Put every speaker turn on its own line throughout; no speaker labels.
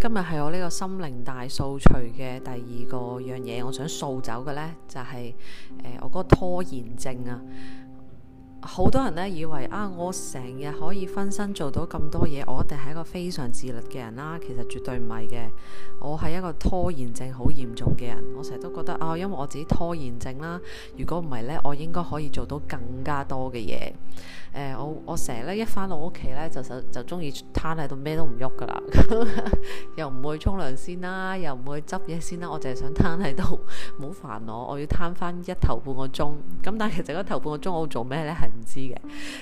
今日係我呢個心靈大掃除嘅第二個樣嘢，就是呃，我想掃走嘅咧就係誒，我嗰個拖延症啊。好多人呢，以為啊，我成日可以分身做到咁多嘢，我一定係一個非常自律嘅人啦。其實絕對唔係嘅，我係一個拖延症好嚴重嘅人。我成日都覺得啊，因為我自己拖延症啦。如果唔係呢，我應該可以做到更加多嘅嘢。呃，我我成日呢，一返到屋企呢，就就就中意攤喺度咩都唔喐噶啦， 又唔去沖涼先啦，又唔去執嘢先啦，我淨係想攤喺度，唔好煩我，我要攤翻一頭半個鐘。咁但係其實嗰頭半個鐘我做咩呢？係唔知嘅，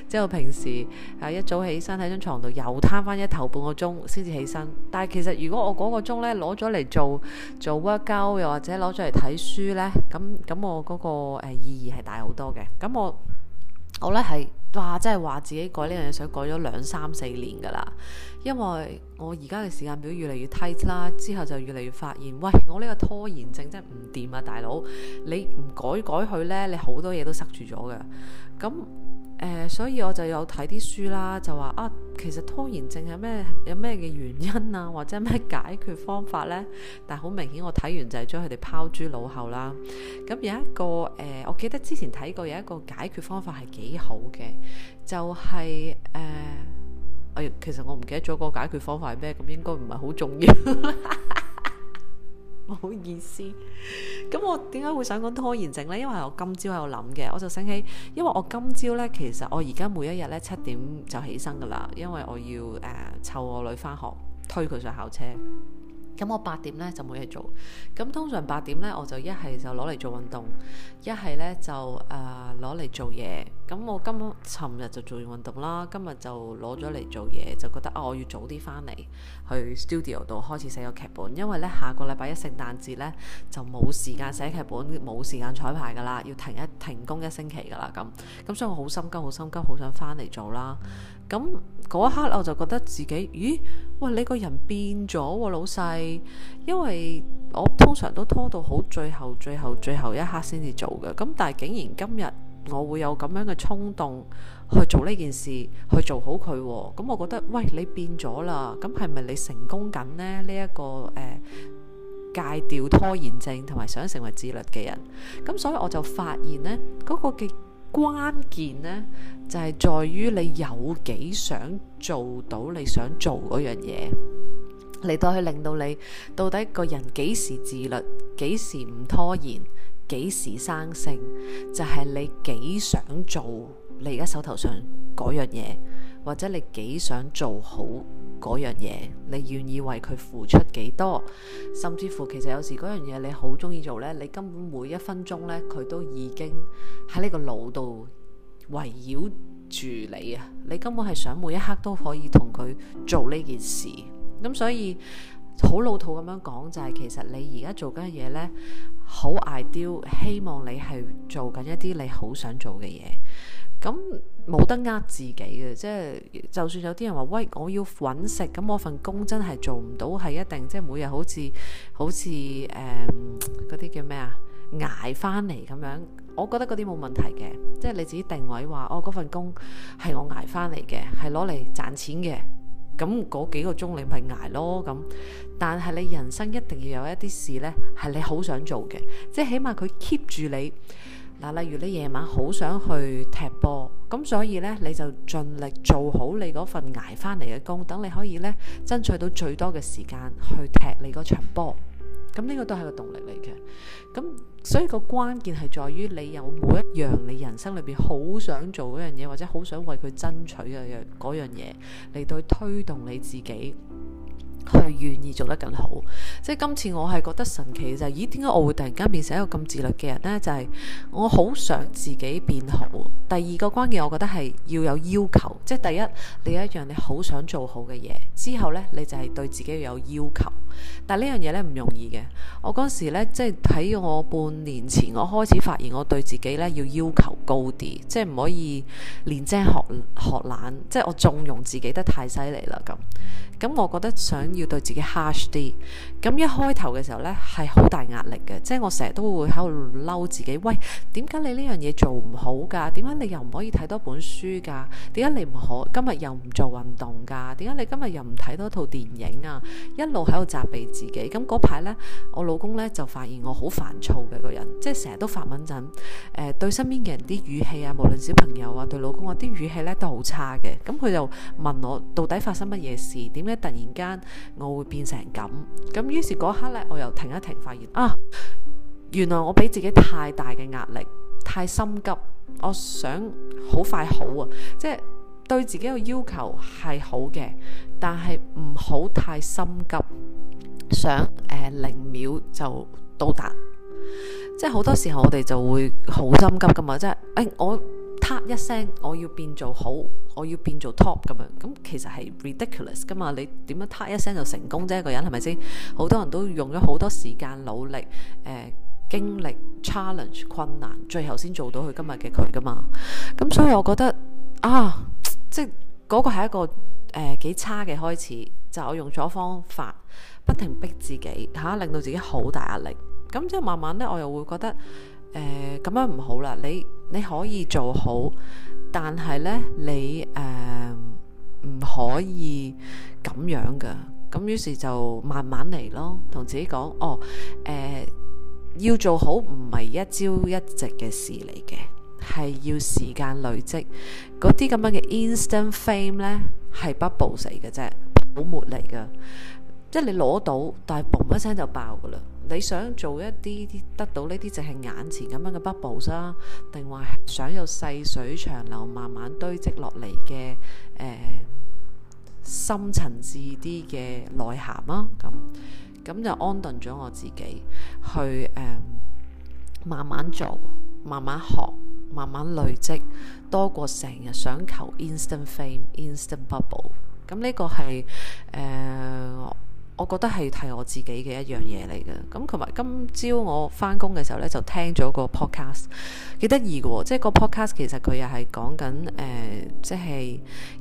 即我平時係一早起身喺張床度又攤翻一頭半個鐘先至起身，但係其實如果我嗰個鐘呢，攞咗嚟做做 workout 又或者攞咗嚟睇書呢，咁咁我嗰個誒意義係大好多嘅。咁我我呢係哇，真係話自己改呢樣嘢，想改咗兩三四年噶啦。因為我而家嘅時間表越嚟越 tight 啦，之後就越嚟越發現，喂，我呢個拖延症真係唔掂啊，大佬，你唔改改佢呢，你好多嘢都塞住咗嘅。咁誒、呃，所以我就有睇啲書啦，就話啊，其實拖延症係咩？有咩嘅原因啊，或者咩解決方法呢？但係好明顯，我睇完就係將佢哋拋諸腦後啦。咁有一個誒、呃，我記得之前睇過有一個解決方法係幾好嘅，就係、是、誒，哎、呃、其實我唔記得咗個解決方法係咩，咁應該唔係好重要。 唔好意思，咁我點解會想講拖延症呢？因為我今朝喺度諗嘅，我就醒起，因為我今朝呢，其實我而家每一日呢，七點就起身噶啦，因為我要誒湊、呃、我女翻學，推佢上校車。咁我八點呢就冇嘢做，咁通常八點呢，我就一係就攞嚟做運動，一係呢就誒攞嚟做嘢。咁我今日尋日就做完運動啦，今日就攞咗嚟做嘢，就覺得啊，我要早啲返嚟去 studio 度開始寫個劇本，因為呢下個禮拜一聖誕節呢，就冇時間寫劇本，冇時間彩排噶啦，要停一停工一星期噶啦咁。咁所以我好心急，好心急，好想返嚟做啦。咁嗰一刻我就覺得自己，咦？喂，你個人變咗喎、啊，老細，因為我通常都拖到好最後、最後、最後一刻先至做嘅。咁但係竟然今日。我會有咁樣嘅衝動去做呢件事，去做好佢、哦。咁、嗯、我覺得，喂，你變咗啦，咁係咪你成功緊呢？呢、這、一個誒，戒、呃、掉拖延症同埋想成為自律嘅人。咁、嗯、所以我就發現呢，嗰、那個嘅關鍵呢，就係、是、在於你有幾想做到你想做嗰樣嘢，嚟到去令到你到底一個人幾時自律，幾時唔拖延。幾時生性就係、是、你幾想做你而家手頭上嗰樣嘢，或者你幾想做好嗰樣嘢，你願意為佢付出幾多？甚至乎其實有時嗰樣嘢你好中意做呢，你根本每一分鐘呢，佢都已經喺呢個腦度圍繞住你啊！你根本係想每一刻都可以同佢做呢件事，咁所以。好老土咁樣講就係，其實你而家做緊嘅嘢呢，好 ideal，希望你係做緊一啲你好想做嘅嘢。咁冇得呃自己嘅，即係就算有啲人話喂，我要揾食，咁我份工真係做唔到，係一定即係每日好似好似誒嗰啲叫咩啊，捱翻嚟咁樣。我覺得嗰啲冇問題嘅，即係你自己定位話，哦，嗰份工係我捱翻嚟嘅，係攞嚟賺錢嘅。咁嗰幾個鐘你咪捱咯，咁但係你人生一定要有一啲事呢，係你好想做嘅，即係起碼佢 keep 住你。嗱，例如你夜晚好想去踢波，咁所以呢，你就盡力做好你嗰份捱翻嚟嘅工，等你可以呢爭取到最多嘅時間去踢你嗰場波。咁呢個都係個動力嚟嘅。咁。所以個關鍵係在於你有每一樣你人生裏邊好想做樣嘢，或者好想為佢爭取嘅樣樣嘢嚟到去推動你自己，去願意做得更好。即係今次我係覺得神奇就係、是，咦？點解我會突然間變成一個咁自律嘅人咧？就係、是、我好想自己變好。第二個關鍵，我覺得係要有要求。即係第一，你有一樣你好想做好嘅嘢，之後呢，你就係對自己要有要求。但係呢樣嘢呢，唔容易嘅。我嗰時呢，即係睇我半年前，我開始發現我對自己呢要要求高啲，即係唔可以練精學學懶，即係我縱容自己得太犀利啦咁。咁我覺得想要對自己 harsh 啲，咁一開頭嘅時候呢，係好大壓力嘅，即係我成日都會喺度嬲自己，喂，點解你呢樣嘢做唔好噶？點解你又唔可以睇多本書噶？點解你唔可今日又唔做運動噶？點解你今日又唔睇多套電影啊？一路喺度責備自己，咁嗰排呢，我老公呢就發現我好煩躁嘅個人，即係成日都發蚊震，誒、呃、對身邊嘅人啲語氣啊，無論小朋友啊，對老公啊啲語氣呢都好差嘅，咁佢就問我到底發生乜嘢事？點？咧突然間我會變成咁，咁於是嗰刻咧我又停一停，發現啊，原來我俾自己太大嘅壓力，太心急，我想好快好啊，即係對自己個要求係好嘅，但係唔好太心急，想誒呃、零秒就到達，即係好多時候我哋就會好心急噶嘛，即係誒、欸、我。一聲，我要變做好，我要變做 top 咁樣，咁其實係 ridiculous 噶嘛？你點樣唸一聲就成功啫？這個人係咪先？好多人都用咗好多時間、努力、誒、呃、經歷、嗯、challenge 困難，最後先做到佢今日嘅佢噶嘛？咁、嗯、所以我覺得啊，即係嗰、那個係一個誒幾、呃、差嘅開始，就是、我用咗方法，不停逼自己吓、啊，令到自己好大壓力。咁、嗯、之後慢慢呢，我又會覺得誒咁、呃、樣唔好啦，你。你可以做好，但係咧，你誒呃、唔可以咁樣噶。咁於是就慢慢嚟咯，同自己講哦，誒、呃、要做好唔係一朝一夕嘅事嚟嘅，係要時間累積。嗰啲咁樣嘅 instant fame 咧係不暴死嘅啫，泡沫嚟噶。寶寶即係你攞到，但係嘣一聲就爆噶啦！你想做一啲啲得到呢啲，淨係眼前咁樣嘅 bubble 啦、啊，定話想有細水長流，慢慢堆積落嚟嘅誒，深層次啲嘅內涵啊！咁咁就安頓咗我自己去誒、呃，慢慢做，慢慢學，慢慢累積，多過成日想求 instant fame、instant bubble。咁呢個係誒。呃我覺得係提我自己嘅一樣嘢嚟嘅，咁同埋今朝我翻工嘅時候呢，就聽咗個 podcast 幾得意嘅喎、哦，即係個 podcast 其實佢又係講緊誒，即、呃、係、就是、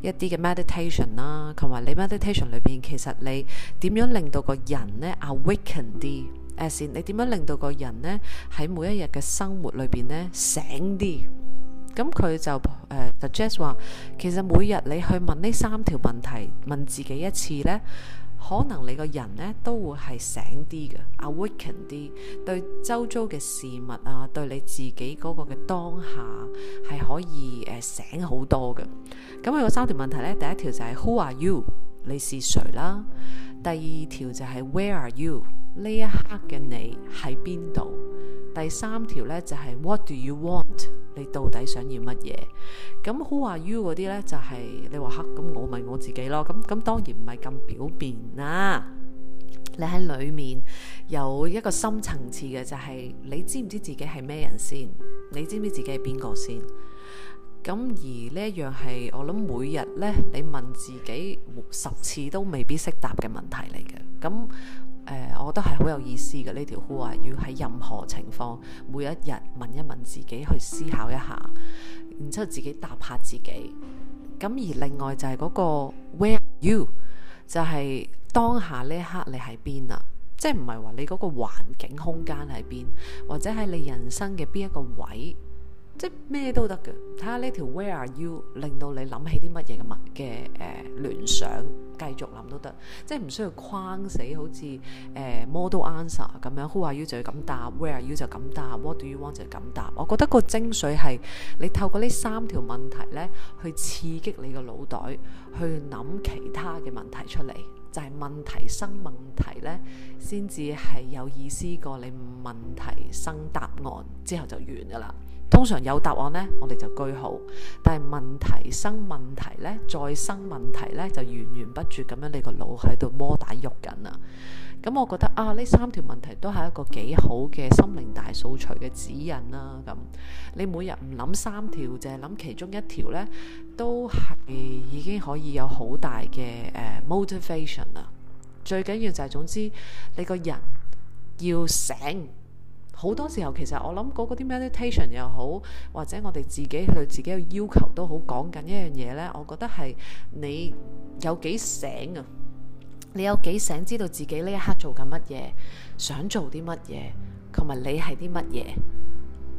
一啲嘅 meditation 啦，同埋你 meditation 裏邊其實你點樣令到個人呢 awaken 啲，誒是、啊，你點樣令到個人呢喺每一日嘅生活裏邊呢醒啲，咁、嗯、佢就誒 suggest、呃、話，其實每日你去問呢三條問題問自己一次呢。可能你個人咧都會係醒啲嘅，awaken 啲，對周遭嘅事物啊，對你自己嗰個嘅當下係可以誒、呃、醒好多嘅。咁、嗯、佢有三條問題咧，第一條就係 Who are you？你是誰啦？第二條就係 Where are you？呢一刻嘅你喺邊度？第三條咧就係 What do you want？你到底想要乜嘢？咁 Who are you 嗰啲呢？就係你話黑咁，我問我自己咯。咁咁當然唔係咁表面啦。你喺裏面有一個深層次嘅，就是，就係你知唔知自己係咩人先？你知唔知自己係邊個先？咁而呢樣係我諗每日呢，你問自己十次都未必識答嘅問題嚟嘅。咁。誒、呃，我覺得係好有意思嘅，呢條 who are you，要喺任何情況，每一日問一問自己，去思考一下，然之後自己答下自己。咁而另外就係嗰個 Where are you？就係當下呢一刻你喺邊呀，即係唔係話你嗰個環境空間喺邊，或者係你人生嘅邊一個位，即咩都得嘅。睇下呢條 Where are you？令到你諗起啲乜嘢嘅物嘅誒聯想。繼續諗都得，即係唔需要框死，好似、呃、model answer 咁樣，Who are you 就要咁答，Where are you 就咁答，What do you want 就咁答。我覺得個精髓係你透過呢三條問題呢去刺激你個腦袋去諗其他嘅問題出嚟，就係、是、問題生問題呢先至係有意思過你問題生答案之後就完㗎啦。通常有答案呢，我哋就句號。但係問題生問題呢，再生問題呢，就源源不絕咁樣，你個腦喺度摩打喐緊啦。咁、嗯、我覺得啊，呢三條問題都係一個幾好嘅心靈大掃除嘅指引啦、啊。咁、嗯、你每日唔諗三條，淨係諗其中一條呢，都係已經可以有好大嘅、呃、motivation 啦。最緊要就係、是、總之你個人要醒。好多時候，其實我諗嗰嗰啲 meditation 又好，或者我哋自己對自己嘅要求都好，講緊一樣嘢咧。我覺得係你有幾醒啊？你有幾醒知道自己呢一刻做緊乜嘢，想做啲乜嘢，同埋你係啲乜嘢？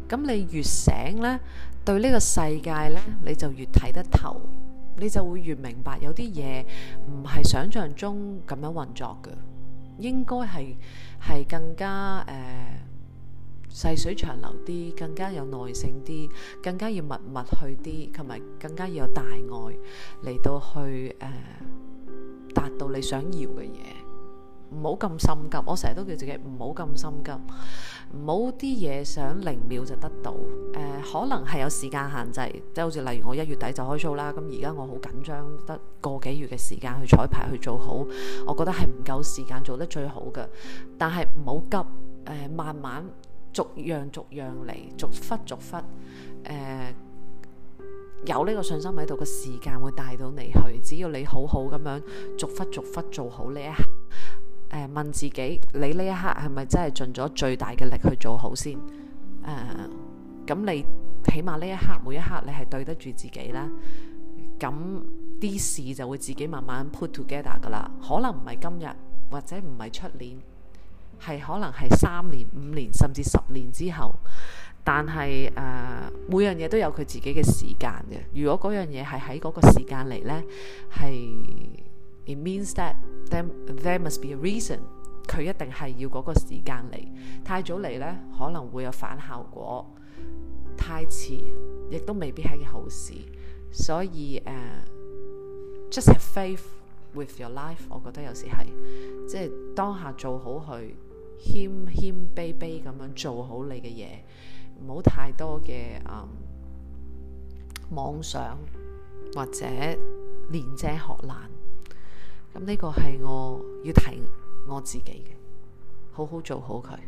咁你越醒咧，對呢個世界咧，你就越睇得透，你就會越明白有啲嘢唔係想像中咁樣運作嘅，應該係係更加誒。細水長流啲，更加有耐性啲，更加要密密去啲，同埋更加要有大愛嚟到去誒、呃、達到你想要嘅嘢，唔好咁心急。我成日都叫自己唔好咁心急，唔好啲嘢想零秒就得到誒、呃。可能係有時間限制，即係好似例如我一月底就開 show 啦。咁而家我好緊張，得個幾月嘅時間去彩排去做好，我覺得係唔夠時間做得最好嘅。但係唔好急，誒、呃、慢慢。逐樣逐樣嚟，逐忽逐忽，誒，有呢個信心喺度，個時間會帶到你去。只要你好好咁樣逐忽逐忽做好呢一刻，誒，問自己，你呢一刻係咪真係盡咗最大嘅力去做好先？誒，咁你起碼呢一刻，每一刻你係對得住自己啦。咁啲事就會自己慢慢 put together 噶啦，可能唔係今日，或者唔係出年。係可能係三年、五年甚至十年之後，但係誒、呃，每樣嘢都有佢自己嘅時間嘅。如果嗰樣嘢係喺嗰個時間嚟呢，係，it means that there must be a reason。佢一定係要嗰個時間嚟，太早嚟呢可能會有反效果，太遲亦都未必係件好事。所以誒、uh，just have faith with your life。我覺得有時係，即係當下做好佢。謙謙卑卑咁樣做好你嘅嘢，唔好太多嘅啊、嗯、妄想或者連遮學懶，咁、嗯、呢、這個係我要提我自己嘅，好好做好佢。